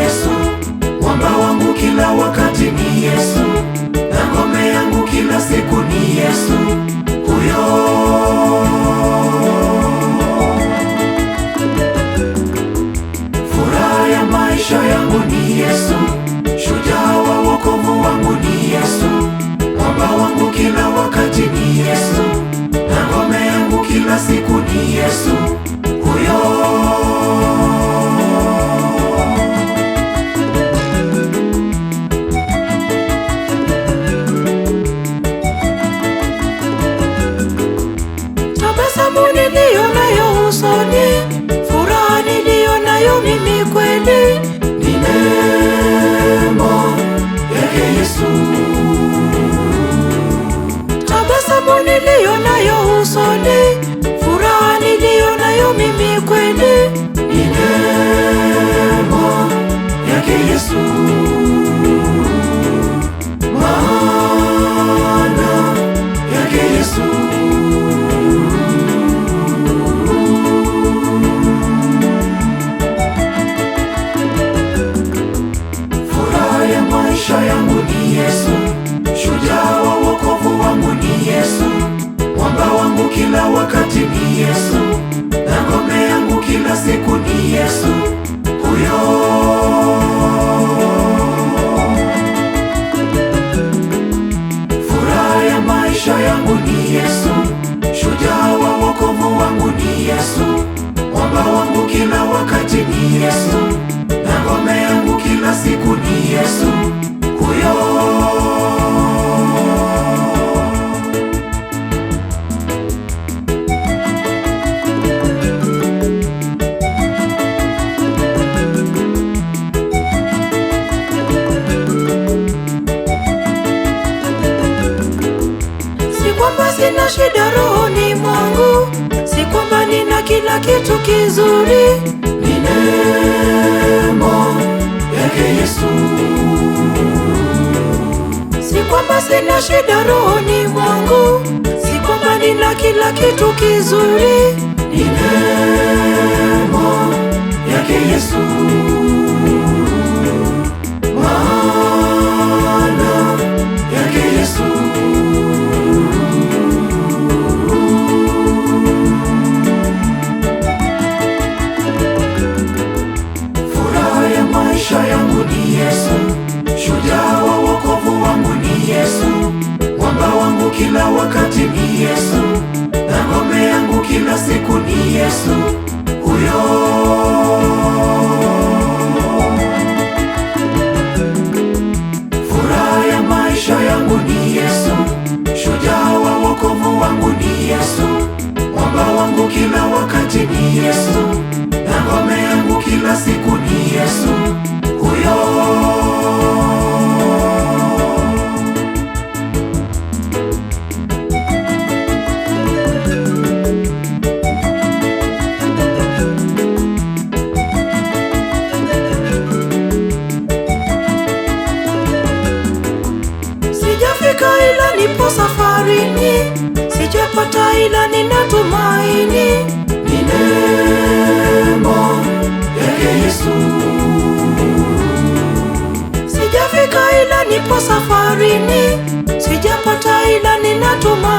Yesu, mwamba wangu kila wakati ni Yesu, na ngome yangu kila siku ni Yesu huyo. Furaha ya maisha yangu ni Yesu, shujaa wa wokovu wangu ni Yesu, mwamba wangu kila wakati ni Yesu, na ngome yangu kila siku Yesu, yake Yesu. Furaha ya maisha Yesu, shujaa wa wokovu wangu ni Yesu, mwamba wangu kila wakati ni Yesu. Sina shida rohoni mwangu, si kwamba nina kila kitu kizuri. Ni neema yake Yesu, si kwamba sina shida rohoni mwangu, si kwamba nina kila kitu kizuri. Ni neema yake Yesu maisha yangu ni Yesu, shujaa wa wokovu wangu ni Yesu, mwamba wangu kila wakati ni Yesu, na ngome yangu kila siku ni Yesu huyo Yesu, mwamba wangu kila wakati ni Yesu sijapata ila ninatumaini ni neema yake Yesu. Sijafika ila nipo safarini, sijapata ila ninatumaini